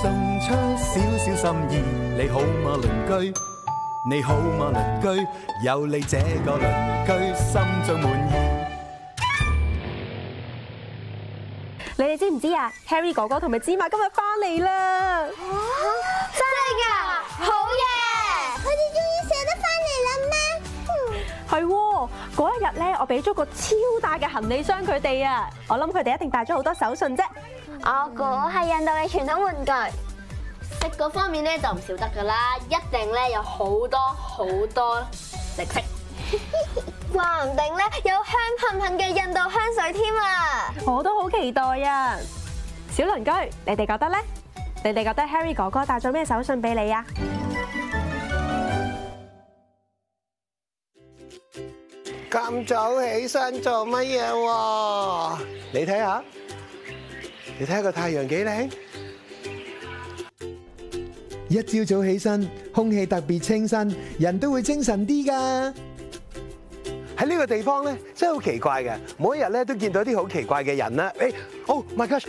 送出少少心意，你好嗎鄰居？你好嗎鄰居？有你這個鄰居，心中滿意。你哋知唔知啊？Harry 哥哥同埋芝麻今日翻嚟啦！真係噶好嘢！佢哋終於捨得翻嚟啦咩？係，嗰一日咧，我俾咗個超大嘅行李箱佢哋啊，我諗佢哋一定帶咗好多手信啫。我估係印度嘅傳統玩具、嗯，食嗰方面咧就唔少得噶啦，一定咧有好多好多零食，話唔 定咧有香噴噴嘅印度香水添啊！ 我都好期待啊，小鄰居，你哋覺得咧？你哋覺得 Harry 哥哥帶咗咩手信俾你啊？咁早起身做乜嘢？你睇下。你睇下個太陽幾靚，一朝早起身，空氣特別清新，人都會精神啲㗎。喺呢個地方咧，真係好奇怪嘅，每一日咧都見到啲好奇怪嘅人啦。你、哎、Oh my gosh！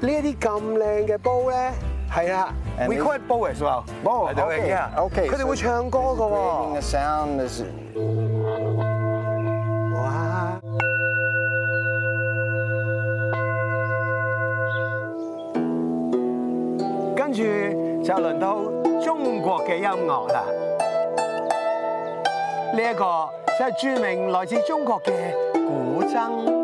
呢一啲咁靚嘅煲咧，係啊。We call it bow 喎，bow，對唔住 OK 佢哋會唱歌㗎喎。哇！跟、wow. 住就輪到中國嘅音樂啦。呢、這、一個就係著名來自中國嘅古箏。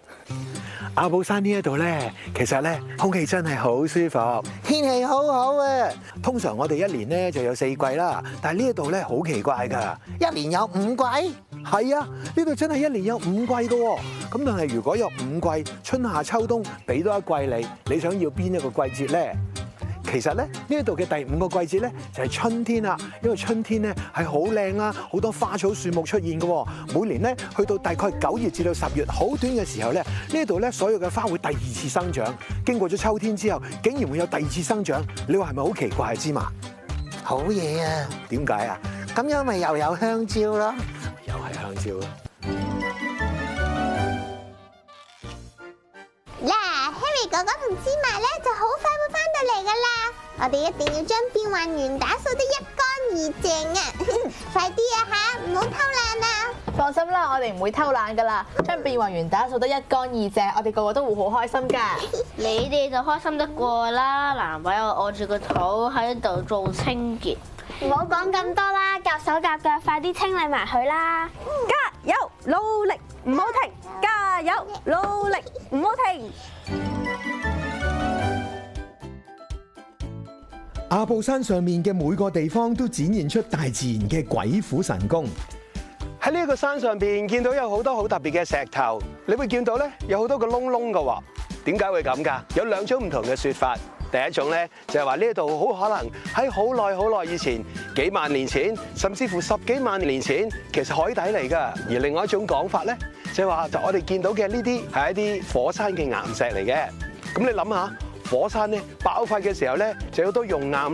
阿寶山呢一度咧，其實咧空氣真係好舒服，天氣好好啊。通常我哋一年咧就有四季啦，但係呢一度咧好奇怪噶，一年有五季。係啊，呢度真係一年有五季噶。咁但係如果有五季，春夏秋冬俾多一季你，你想要邊一個季節咧？其實咧，呢度嘅第五個季節咧就係春天啦，因為春天咧係好靚啊，好多花草樹木出現嘅喎。每年咧去到大概九月至到十月，好短嘅時候咧，呢度咧所有嘅花會第二次生長。經過咗秋天之後，竟然會有第二次生長，你話係咪好奇怪？芝麻，好嘢啊！點解啊？咁樣咪又有香蕉咯？又係香蕉咯。Yeah. 哥哥同芝麻咧，就好快會翻到嚟噶啦。我哋一定要將變幻員打掃得一乾二淨啊！ 快啲啊，吓唔好偷懶啊！放心啦，我哋唔會偷懶噶啦。將變幻員打掃得一乾二淨，我哋個個都會好開心噶。 你哋就開心得過啦。難為我餓住個肚喺度做清潔，唔好講咁多啦，夾手夾腳，快啲清理埋佢啦！加油，努力唔好停，加油，加油，努力唔好停。阿布山上面嘅每個地方都展現出大自然嘅鬼斧神工。喺呢個山上邊見到有好多好特別嘅石頭，你會見到咧，有好多個窿窿嘅。點解會咁㗎？有兩種唔同嘅說法。第一種咧，就係話呢度好可能喺好耐好耐以前，幾萬年前，甚至乎十幾萬年前，其實海底嚟噶。而另外一種講法咧，就係話就我哋見到嘅呢啲係一啲火山嘅岩石嚟嘅。咁你諗下，火山咧爆發嘅時候咧，就有好多熔岩啦。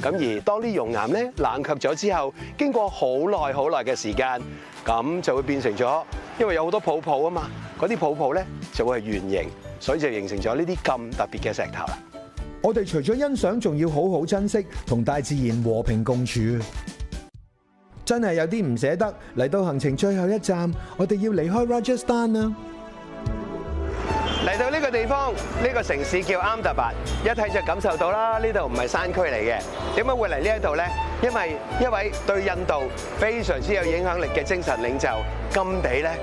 咁而當啲熔岩咧冷卻咗之後，經過好耐好耐嘅時間，咁就會變成咗，因為有好多泡泡啊嘛，嗰啲泡泡咧就會係圓形，所以就形成咗呢啲咁特別嘅石頭啦。我哋除咗欣賞，仲要好好珍惜，同大自然和平共處。真係有啲唔捨得，嚟到行程最後一站，我哋要離開拉賈斯坦啦。嚟到呢個地方，呢個城市叫安達巴，一睇就感受到啦。呢度唔係山區嚟嘅，點解會嚟呢一度咧？因為一位對印度非常之有影響力嘅精神領袖甘地咧。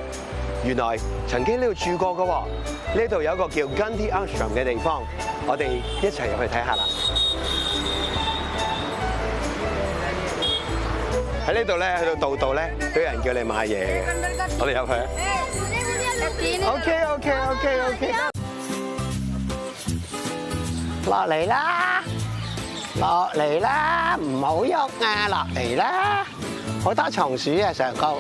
原來曾經呢度住過嘅喎，呢度有一個叫 Gundy Auction 嘅地方，我哋一齊入去睇下啦。喺呢度咧，去到度度咧都有人叫你買嘢嘅，我哋入去。OK OK OK OK，落嚟啦，落嚟啦，唔好喐啊，落嚟啦，好，好，好，好，好，好多松鼠啊上高。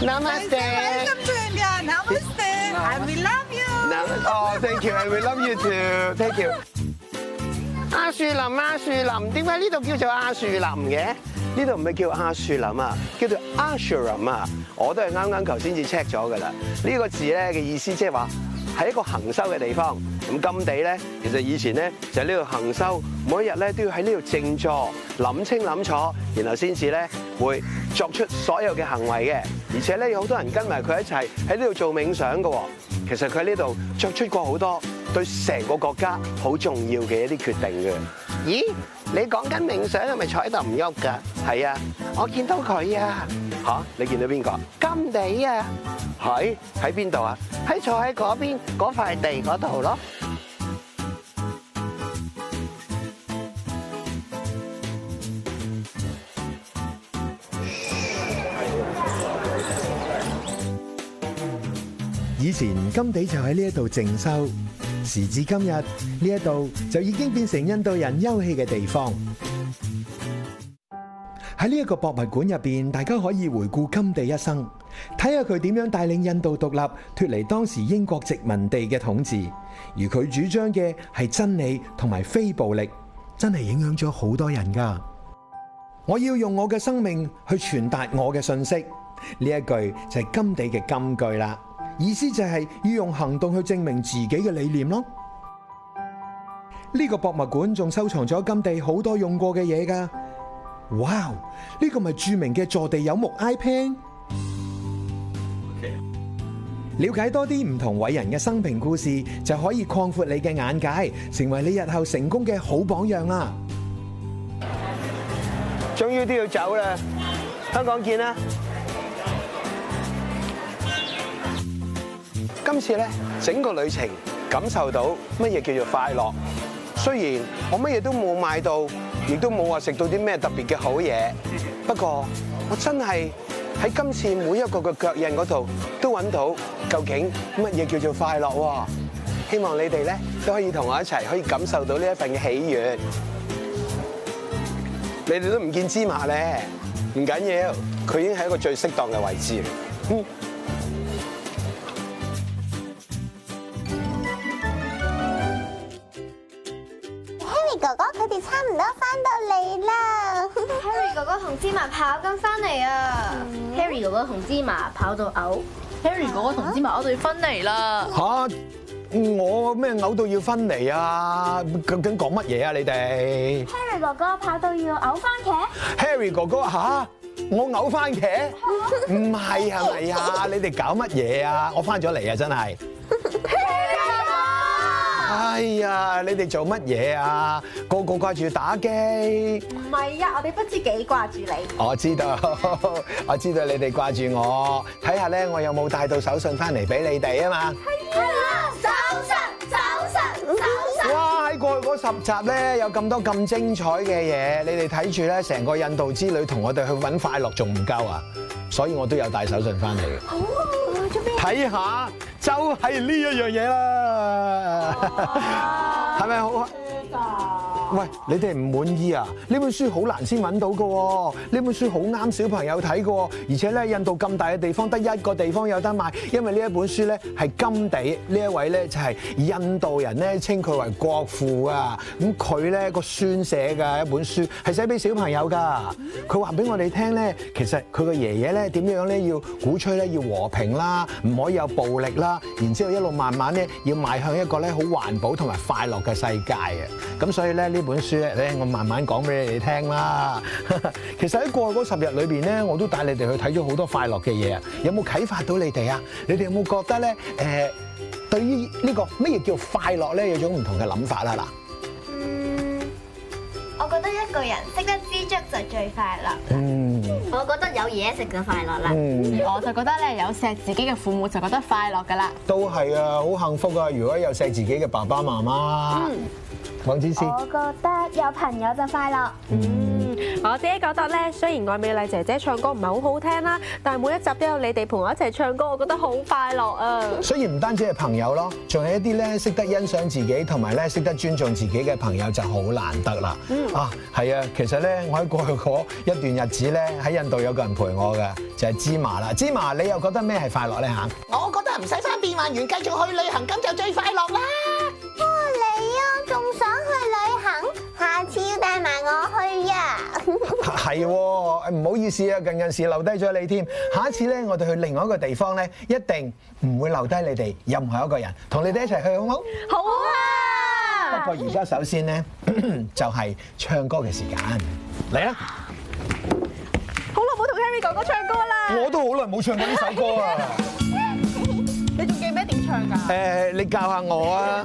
Namaste! I love you。Namaste! Thank you，I love you too。Thank you、啊。阿樹林，阿、啊、樹林，點解呢度叫做阿、啊、樹林嘅？呢度唔係叫阿樹林啊，叫做 Ashram 啊。我都係啱啱頭先至 check 咗㗎啦。呢、這個字咧嘅意思，即係話係一個行修嘅地方。咁甘地咧，其實以前咧就喺呢度行修，每一日咧都要喺呢度靜坐，諗清諗楚，然後先至咧會作出所有嘅行為嘅。而且咧有好多人跟埋佢一齊喺呢度做冥想嘅，其實佢喺呢度作出過好多對成個國家好重要嘅一啲決定嘅。咦？你講緊冥想係咪坐喺度唔喐噶？係啊，我見到佢啊！吓，你見到邊個？金地啊，佢喺邊度啊？喺坐喺嗰邊嗰塊地嗰度咯。以前金地就喺呢一度靜修，時至今日呢一度就已經變成印度人休憩嘅地方。喺呢一個博物館入邊，大家可以回顧金地一生，睇下佢點樣帶領印度獨立脱離當時英國殖民地嘅統治。而佢主張嘅係真理同埋非暴力，真係影響咗好多人㗎。我要用我嘅生命去傳達我嘅信息，呢一句就係金地嘅金句啦。意思就係要用行動去證明自己嘅理念咯。呢個博物館仲收藏咗甘地好多用過嘅嘢噶。哇！呢個咪著名嘅坐地有木 iPad。了解多啲唔同偉人嘅生平故事，就可以擴闊你嘅眼界，成為你日後成功嘅好榜樣啦。終於都要走啦，香港見啦！今次咧，整個旅程感受到乜嘢叫做快樂。雖然我乜嘢都冇買到，亦都冇話食到啲咩特別嘅好嘢。不過我真係喺今次每一個嘅腳印嗰度都揾到究竟乜嘢叫做快樂。希望你哋咧都可以同我一齊可以感受到呢一份嘅喜悅。你哋都唔見芝麻咧，唔緊要，佢已經喺一個最適當嘅位置。翻到嚟啦！Harry 哥哥同芝麻跑緊翻嚟啊！Harry 哥哥同芝麻跑到嘔！Harry 哥哥同芝麻我哋要分離啦！吓，我咩嘔到要分離啊？究竟講乜嘢啊？你哋？Harry 哥哥跑到要嘔番茄？Harry 哥哥吓，我嘔番茄？唔係係咪啊？你哋搞乜嘢啊？ 我翻咗嚟啊！真係。哎呀，你哋做乜嘢啊？個個掛住打機。唔係啊，我哋不知幾掛住你。我知道，我知道你哋掛住我。睇下咧，我有冇帶到手信翻嚟俾你哋？係啊，啊？嘛。係啊，手信，手信，手信。哇！喺過去嗰十集咧，有咁多咁精彩嘅嘢，你哋睇住咧，成個印度之旅同我哋去搵快樂仲唔夠啊？所以我都有帶手信翻嚟。哦睇下，看看就係呢一樣嘢啦，係咪好？ 喂，你哋唔滿意啊？呢本書好難先揾到㗎喎，呢本書好啱小朋友睇㗎喎，而且咧印度咁大嘅地方得一個地方有得買，因為呢一本書咧係甘地呢一位咧就係印度人咧稱佢為國父啊。咁佢咧個孫寫嘅一本書係寫俾小朋友㗎。佢話俾我哋聽咧，其實佢個爺爺咧點樣咧要鼓吹咧要和平啦，唔可以有暴力啦，然之後一路慢慢咧要邁向一個咧好環保同埋快樂嘅世界啊。咁所以咧呢。呢本書咧，我慢慢講俾你哋聽啦。其實喺過去嗰十日裏邊咧，我都帶你哋去睇咗好多快樂嘅嘢，有冇啟發到你哋啊？你哋有冇覺得咧？誒，對於呢個乜嘢叫快樂咧，有種唔同嘅諗法啦嗱。嗯，我覺得一個人識得知足就最快樂。嗯，我覺得有嘢食就快樂啦。嗯，我就覺得咧，有錫自己嘅父母就覺得快樂噶啦。都係啊，好幸福啊！如果有錫自己嘅爸爸媽媽。嗯。講子事，我覺得有朋友就快樂。嗯，我自己覺得咧，雖然愛美麗姐姐唱歌唔係好好聽啦，但係每一集都有你哋陪我一齊唱歌，我覺得好快樂啊。雖然唔單止係朋友咯，仲有一啲咧識得欣賞自己同埋咧識得尊重自己嘅朋友就好難得啦。嗯，啊，係啊，其實咧我喺過去嗰一段日子咧喺印度有個人陪我嘅，就係、是、芝麻啦。芝麻，你又覺得咩係快樂咧？行，我覺得唔使翻變萬員，繼續去旅行咁就最快樂啦。係喎，唔好意思啊，近陣時留低咗你添。下一次咧，我哋去另外一個地方咧，一定唔會留低你哋任何一個人，同你哋一齊去好唔好？好啊！不過而家首先咧，就係唱歌嘅時間，嚟啊！好耐冇同 Henry 哥哥唱歌啦，我都好耐冇唱過呢首歌啊。你仲記唔記得點唱㗎？誒，你教下我啊！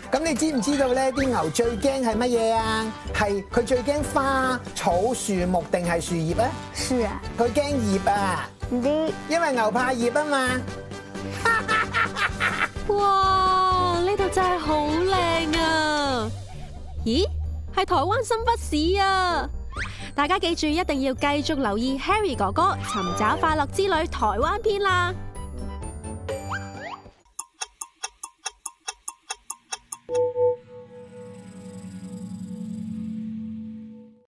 咁你知唔知道咧？啲牛最驚係乜嘢啊？係佢最驚花草樹木定係樹葉咧？樹啊！佢驚葉啊！唔知，因為牛怕葉啊嘛。 哇！呢度真係好靚啊！咦？係台灣新北市啊！大家記住，一定要繼續留意 Harry 哥哥尋找快樂之旅台灣篇啦！